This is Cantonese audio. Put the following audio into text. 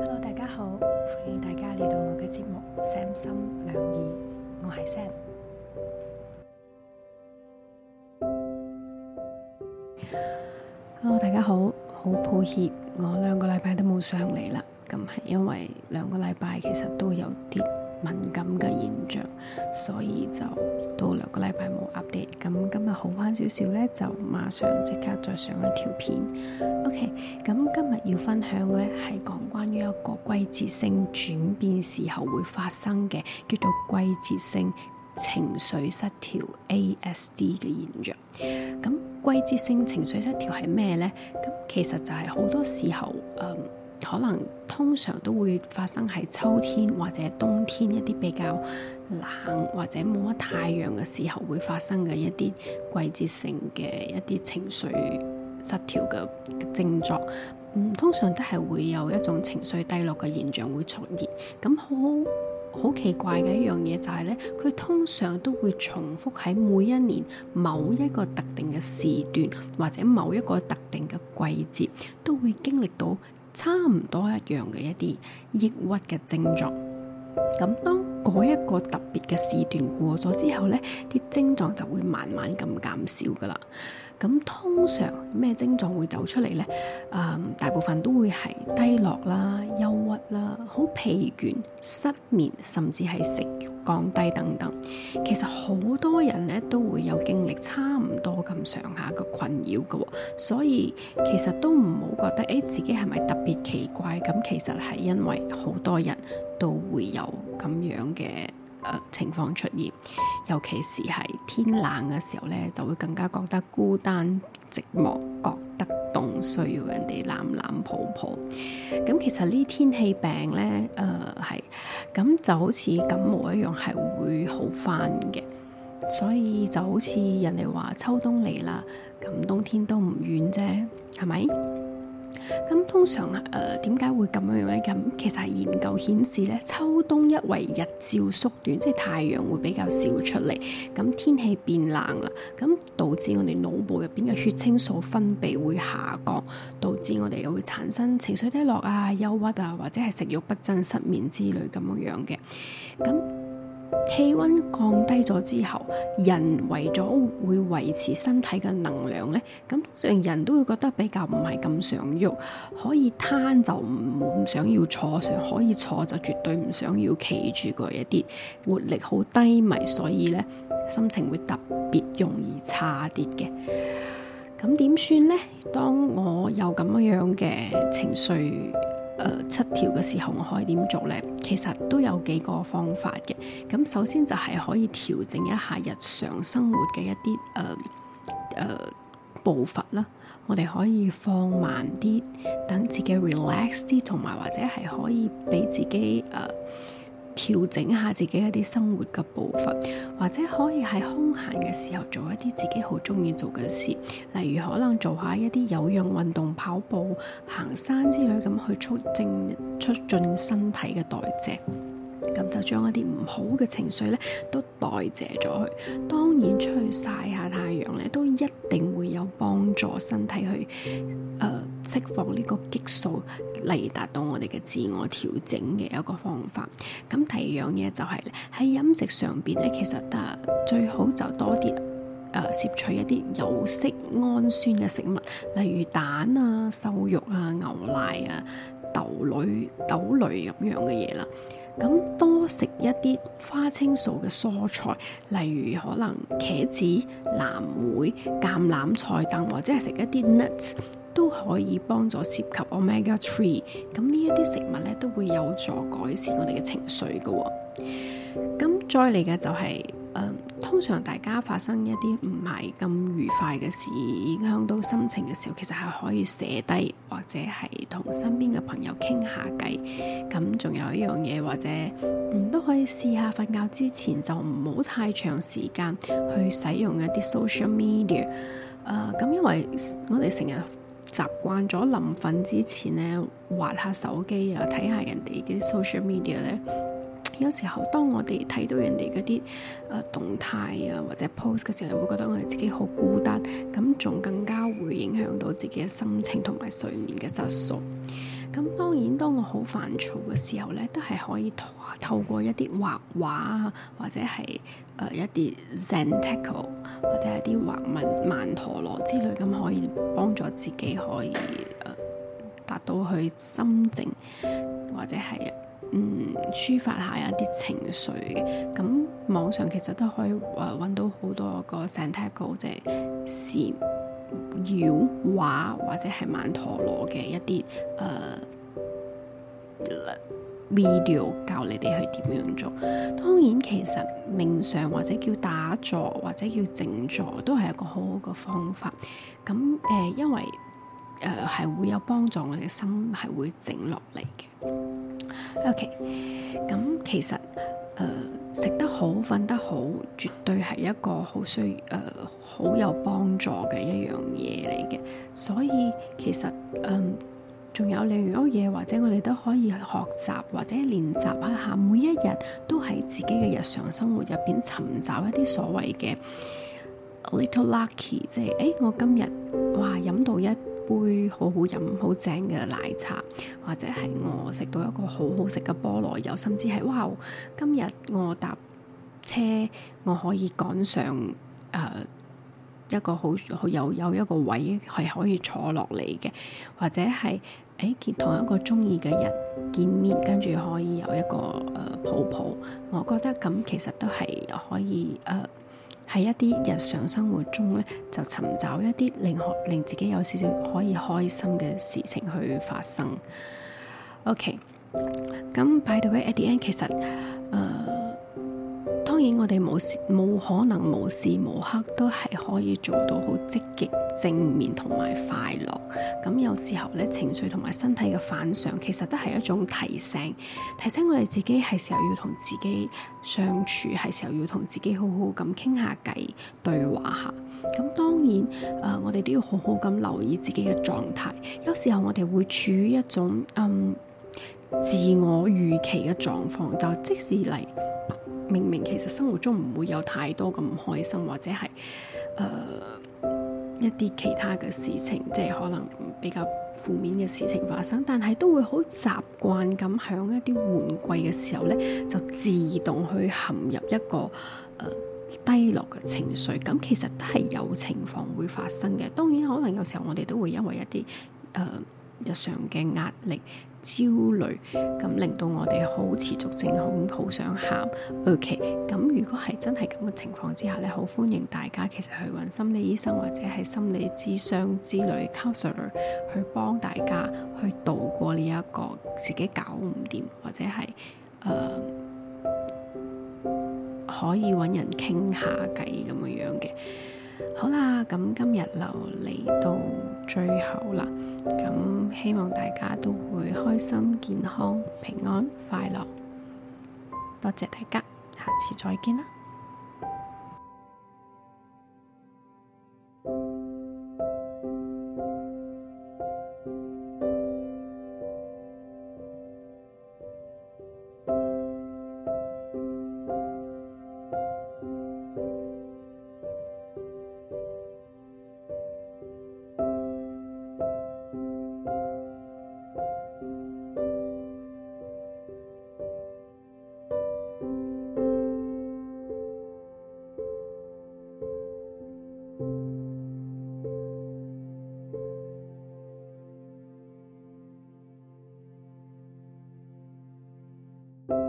hello，大家好，歡迎大家嚟到我嘅節目三心兩意，我係 Sam。hello，大家好，好抱歉，我兩個禮拜都冇上嚟喇，咁係因為兩個禮拜其實都有啲。敏感嘅現象，所以就到兩個禮拜冇 update。咁今日好翻少少咧，就馬上即刻再上一條片。OK，咁今日要分享嘅咧係講關於一個季節性轉變時候會發生嘅，叫做季節性情緒失調 （SAD） 嘅現象。咁季節性情緒失調係咩呢？咁其實就係好多時候，嗯。可能通常都會發生喺秋天或者冬天一啲比較冷或者冇乜太陽嘅時候會發生嘅一啲季節性嘅一啲情緒失調嘅症狀。嗯，通常都係會有一種情緒低落嘅現象會出現。咁好好奇怪嘅一樣嘢就係呢，佢通常都會重複喺每一年某一個特定嘅時段或者某一個特定嘅季節都會經歷到差唔多一樣嘅一啲抑鬱嘅症狀，咁當嗰一個特別嘅時段過咗之後，呢啲症狀就會慢慢咁減少㗎喇。咁通常咩症狀會走出嚟呢？嗯，大部分都會係低落啦、憂鬱啦、好疲倦、失眠，甚至係食慾降低等等。其實好多人咧都會有經歷差唔多咁上下嘅困擾嘅，所以其實都唔好覺得誒、哎、自己係咪特別奇怪。咁其實係因為好多人都會有咁樣嘅。呃、情況出現，尤其是係天冷嘅時候呢，就會更加覺得孤單寂寞，覺得凍，需要人哋攬攬抱抱。咁、嗯、其實呢天氣病呢，誒、呃、係，咁就好似感冒一樣，係會好翻嘅。所以就好似人哋話，秋冬嚟啦，咁冬天都唔遠啫，係咪？咁通常，誒點解會咁樣樣咧？咁其實係研究顯示咧，秋冬因為日照縮短，即係太陽會比較少出嚟，咁天氣變冷啦，咁導致我哋腦部入邊嘅血清素分泌會下降，導致我哋又會產生情緒低落啊、憂鬱啊，或者係食慾不振、失眠之類咁樣樣嘅，咁、嗯。氣溫降低咗之後，人為咗會維持身體嘅能量呢，咁通常人都會覺得比較唔係咁想喐。可以攤就唔唔想要坐上，可以坐就絕對唔想要企住嗰一啲活力好低迷，所以呢心情會特別容易差啲嘅。咁點算呢？當我有咁樣樣嘅情緒。誒、呃、七條嘅時候我可以點做呢？其實都有幾個方法嘅。咁首先就係可以調整一下日常生活嘅一啲誒誒步伐啦。我哋可以放慢啲，等自己 relax 啲，同埋或者係可以俾自己誒。呃調整下自己一啲生活嘅部分，或者可以喺空閒嘅時候做一啲自己好鍾意做嘅事，例如可能做下一啲有氧運動、跑步、行山之類咁，去促進促進身體嘅代謝。咁就將一啲唔好嘅情緒咧，都代謝咗佢。當然出去曬下太陽咧，都一定會有幫助身體去誒釋放呢個激素，嚟達到我哋嘅自我調整嘅一個方法。咁第二樣嘢就係喺飲食上邊咧，其實誒、呃、最好就多啲誒攝取一啲有色氨酸嘅食物，例如蛋啊、瘦肉啊、牛奶啊、豆類、豆類咁樣嘅嘢啦。咁多食一啲花青素嘅蔬菜，例如可能茄子、藍莓、橄欖菜等，或者係食一啲 nuts 都可以幫助涉及 Omega 3。咁呢一啲食物咧都會有助改善我哋嘅情緒嘅。咁再嚟嘅就係、是。通常大家發生一啲唔係咁愉快嘅事，影響到心情嘅時候，其實係可以寫低，或者係同身邊嘅朋友傾下偈。咁仲有一樣嘢，或者、嗯、都可以試下，瞓覺之前就唔好太長時間去使用一啲 social media。咁、呃、因為我哋成日習慣咗臨瞓之前呢，滑下手機啊，睇下人哋嘅 social media 咧。有時候，當我哋睇到人哋嗰啲誒動態啊，或者 post 嘅時候，會覺得我哋自己好孤單，咁仲更加會影響到自己嘅心情同埋睡眠嘅質素。咁當然，當我好煩躁嘅時候咧，都係可以透透過一啲畫畫啊，或者係誒、呃、一啲 Zentangle 或者一啲畫曼，曼陀羅之類，咁可以幫助自己可以誒、呃、達到去心靜或者係。嗯，抒發一下一啲情緒嘅，咁網上其實都可以誒揾、呃、到好多個 Zentangle，即係禪繞畫或者係曼陀羅嘅一啲誒、呃、video 教你哋去點樣做。當然，其實冥想或者叫打坐或者叫靜坐都係一個好好嘅方法。咁誒、呃，因為誒，係、呃、會有幫助我哋嘅心係會靜落嚟嘅。OK，咁、嗯、其實誒食、呃、得好，瞓得好，絕對係一個好需要誒好有幫助嘅一樣嘢嚟嘅。所以其實嗯，仲有另一樣嘢，或者我哋都可以去學習或者練習一下，每一日都喺自己嘅日常生活入邊尋找一啲所謂嘅 little lucky，即、就、係、是、誒我今日哇飲到一。杯好好飲、好正嘅奶茶，或者係我食到一個好好食嘅菠蘿油，甚至係哇！今日我搭車，我可以趕上誒、呃、一個好有有一個位係可以坐落嚟嘅，或者係誒見同一個中意嘅人見面，跟住可以有一個誒抱抱。我覺得咁其實都係可以誒。呃喺一啲日常生活中咧，就尋找一啲令學、令自己有少少可以開心嘅事情去發生。OK，咁 by the way，at the end 其實，當然我哋冇事冇可能無時無刻都係可以做到好積極正面同埋快樂。咁有時候咧，情緒同埋身體嘅反常，其實都係一種提醒，提醒我哋自己係時候要同自己相處，係時候要同自己好好咁傾下偈，對話下。咁當然，誒、呃，我哋都要好好咁留意自己嘅狀態。有時候我哋會處於一種嗯，自我預期嘅狀況，就即使嚟。明明其實生活中唔會有太多咁唔開心，或者係誒、呃、一啲其他嘅事情，即係可能比較負面嘅事情發生，但係都會好習慣咁響一啲換季嘅時候呢，就自動去陷入一個、呃、低落嘅情緒。咁、嗯、其實都係有情況會發生嘅。當然可能有時候我哋都會因為一啲、呃、日常嘅壓力。焦慮，咁令到我哋好持續性，好想喊。OK，咁如果係真係咁嘅情況之下咧，好歡迎大家其實去揾心理醫生或者係心理諮商之類 counselor 去幫大家去度過呢一個自己搞唔掂或者係、呃、可以揾人傾下偈咁樣樣嘅。好啦，咁今日就嚟到最後啦，咁希望大家都會開心、健康、平安、快樂，多謝大家，下次再見啦。